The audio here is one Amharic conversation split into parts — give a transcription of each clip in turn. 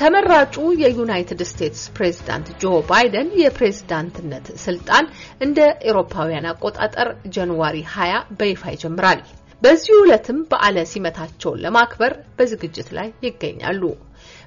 ተመራጩ የዩናይትድ ስቴትስ ፕሬዝዳንት ጆ ባይደን የፕሬዝዳንትነት ስልጣን እንደ ኤሮፓውያን አቆጣጠር ጃንዋሪ 20 በይፋ ይጀምራል። በዚህ ዕለትም በዓለ ሲመታቸውን ለማክበር በዝግጅት ላይ ይገኛሉ።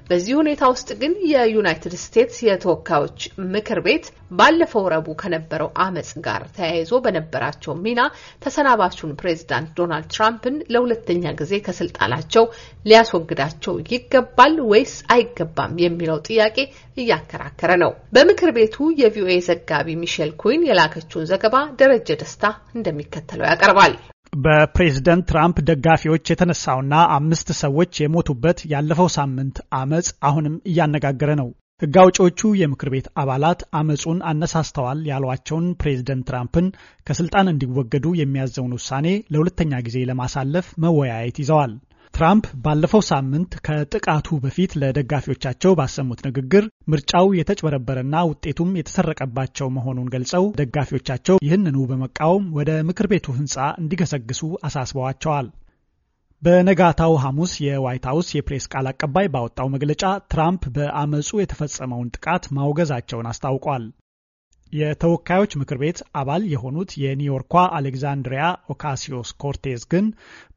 በዚህ ሁኔታ ውስጥ ግን የዩናይትድ ስቴትስ የተወካዮች ምክር ቤት ባለፈው ረቡዕ ከነበረው አመጽ ጋር ተያይዞ በነበራቸው ሚና ተሰናባቹን ፕሬዚዳንት ዶናልድ ትራምፕን ለሁለተኛ ጊዜ ከስልጣናቸው ሊያስወግዳቸው ይገባል ወይስ አይገባም የሚለው ጥያቄ እያከራከረ ነው። በምክር ቤቱ የቪኦኤ ዘጋቢ ሚሼል ኩዊን የላከችውን ዘገባ ደረጀ ደስታ እንደሚከተለው ያቀርባል። በፕሬዝደንት ትራምፕ ደጋፊዎች የተነሳውና አምስት ሰዎች የሞቱበት ያለፈው ሳምንት አመፅ አሁንም እያነጋገረ ነው። ሕግ አውጪዎቹ የምክር ቤት አባላት አመፁን አነሳስተዋል ያሏቸውን ፕሬዝደንት ትራምፕን ከስልጣን እንዲወገዱ የሚያዘውን ውሳኔ ለሁለተኛ ጊዜ ለማሳለፍ መወያየት ይዘዋል። ትራምፕ ባለፈው ሳምንት ከጥቃቱ በፊት ለደጋፊዎቻቸው ባሰሙት ንግግር ምርጫው የተጭበረበረና ውጤቱም የተሰረቀባቸው መሆኑን ገልጸው ደጋፊዎቻቸው ይህንኑ በመቃወም ወደ ምክር ቤቱ ሕንፃ እንዲገሰግሱ አሳስበዋቸዋል። በነጋታው ሐሙስ የዋይት ሀውስ የፕሬስ ቃል አቀባይ ባወጣው መግለጫ ትራምፕ በአመፁ የተፈጸመውን ጥቃት ማውገዛቸውን አስታውቋል። የተወካዮች ምክር ቤት አባል የሆኑት የኒውዮርኳ አሌግዛንድሪያ ኦካሲዮስ ኮርቴዝ ግን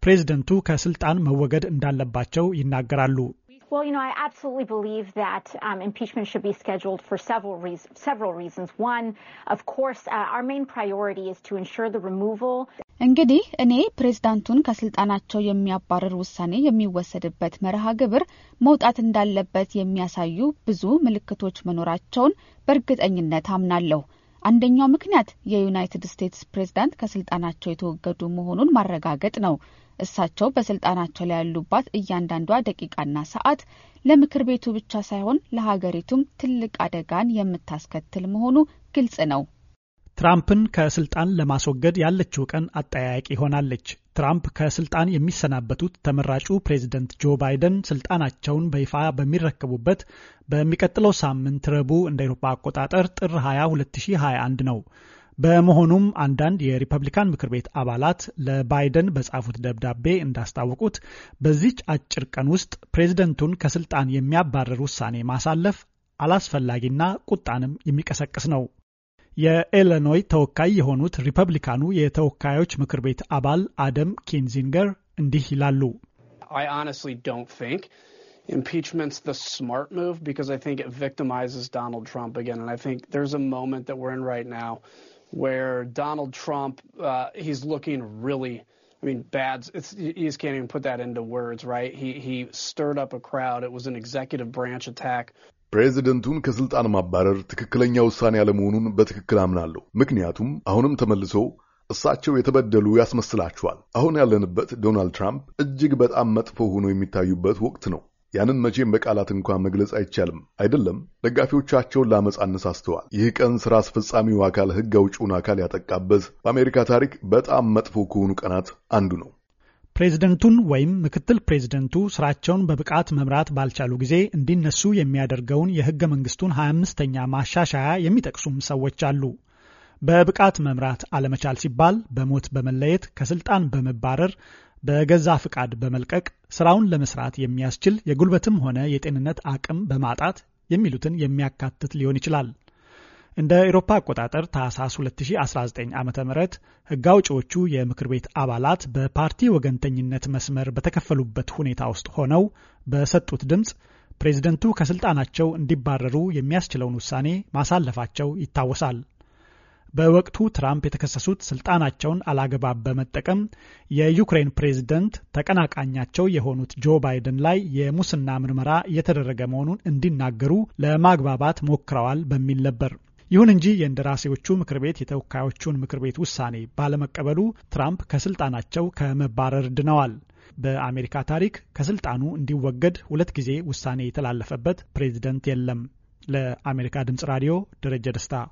ፕሬዝደንቱ ከስልጣን መወገድ እንዳለባቸው ይናገራሉ። እንግዲህ እኔ ፕሬዝዳንቱን ከስልጣናቸው የሚያባርር ውሳኔ የሚወሰድበት መርሃ ግብር መውጣት እንዳለበት የሚያሳዩ ብዙ ምልክቶች መኖራቸውን በእርግጠኝነት አምናለሁ። አንደኛው ምክንያት የዩናይትድ ስቴትስ ፕሬዝዳንት ከስልጣናቸው የተወገዱ መሆኑን ማረጋገጥ ነው። እሳቸው በስልጣናቸው ላይ ያሉባት እያንዳንዷ ደቂቃና ሰዓት ለምክር ቤቱ ብቻ ሳይሆን ለሀገሪቱም ትልቅ አደጋን የምታስከትል መሆኑ ግልጽ ነው። ትራምፕን ከስልጣን ለማስወገድ ያለችው ቀን አጠያያቂ ሆናለች። ትራምፕ ከስልጣን የሚሰናበቱት ተመራጩ ፕሬዚደንት ጆ ባይደን ስልጣናቸውን በይፋ በሚረከቡበት በሚቀጥለው ሳምንት ረቡዕ እንደ ኤሮፓ አቆጣጠር ጥር 20 2021 ነው። በመሆኑም አንዳንድ የሪፐብሊካን ምክር ቤት አባላት ለባይደን በጻፉት ደብዳቤ እንዳስታወቁት በዚች አጭር ቀን ውስጥ ፕሬዚደንቱን ከስልጣን የሚያባረር ውሳኔ ማሳለፍ አላስፈላጊና ቁጣንም የሚቀሰቅስ ነው። I ተወካይ የሆኑት ሪፐብሊካኑ የተወካዮች ምክር ቤት አባል አደም ኪንዚንገር እንዲህ ይላሉ። Impeachment's the smart move because I think it victimizes Donald Trump again. And I think there's a moment that we're in right now where Donald Trump, uh, he's looking really I mean, Bads, it's, you just can't even put that into words, right? He, he stirred up a crowd. It was an executive branch attack. ፕሬዚደንቱን ከስልጣን ማባረር ትክክለኛ ውሳኔ ያለመሆኑን በትክክል አምናለሁ። ምክንያቱም አሁንም ተመልሶ እሳቸው የተበደሉ ያስመስላችኋል። አሁን ያለንበት ዶናልድ ትራምፕ እጅግ በጣም መጥፎ ሆኖ የሚታዩበት ወቅት ነው። ያንን መቼም በቃላት እንኳን መግለጽ አይቻልም። አይደለም ደጋፊዎቻቸውን ለአመፅ አነሳስተዋል። ይህ ቀን ስራ አስፈጻሚው አካል ህግ አውጭውን አካል ያጠቃበት በአሜሪካ ታሪክ በጣም መጥፎ ከሆኑ ቀናት አንዱ ነው። ፕሬዝደንቱን ወይም ምክትል ፕሬዝደንቱ ስራቸውን በብቃት መምራት ባልቻሉ ጊዜ እንዲነሱ የሚያደርገውን የህገ መንግስቱን 25ኛ ማሻሻያ የሚጠቅሱም ሰዎች አሉ። በብቃት መምራት አለመቻል ሲባል በሞት በመለየት ከስልጣን በመባረር በገዛ ፍቃድ በመልቀቅ ስራውን ለመስራት የሚያስችል የጉልበትም ሆነ የጤንነት አቅም በማጣት የሚሉትን የሚያካትት ሊሆን ይችላል። እንደ ኤሮፓ አቆጣጠር ታህሳስ 2019 ዓ ም ህግ አውጪዎቹ የምክር ቤት አባላት በፓርቲ ወገንተኝነት መስመር በተከፈሉበት ሁኔታ ውስጥ ሆነው በሰጡት ድምፅ ፕሬዝደንቱ ከስልጣናቸው እንዲባረሩ የሚያስችለውን ውሳኔ ማሳለፋቸው ይታወሳል። በወቅቱ ትራምፕ የተከሰሱት ስልጣናቸውን አላግባብ በመጠቀም የዩክሬን ፕሬዝደንት ተቀናቃኛቸው የሆኑት ጆ ባይደን ላይ የሙስና ምርመራ እየተደረገ መሆኑን እንዲናገሩ ለማግባባት ሞክረዋል በሚል ነበር። ይሁን እንጂ የእንደራሴዎቹ ምክር ቤት የተወካዮቹን ምክር ቤት ውሳኔ ባለመቀበሉ ትራምፕ ከስልጣናቸው ከመባረር ድነዋል። በአሜሪካ ታሪክ ከስልጣኑ እንዲወገድ ሁለት ጊዜ ውሳኔ የተላለፈበት ፕሬዝደንት የለም። ለአሜሪካ ድምጽ ራዲዮ ደረጀ ደስታ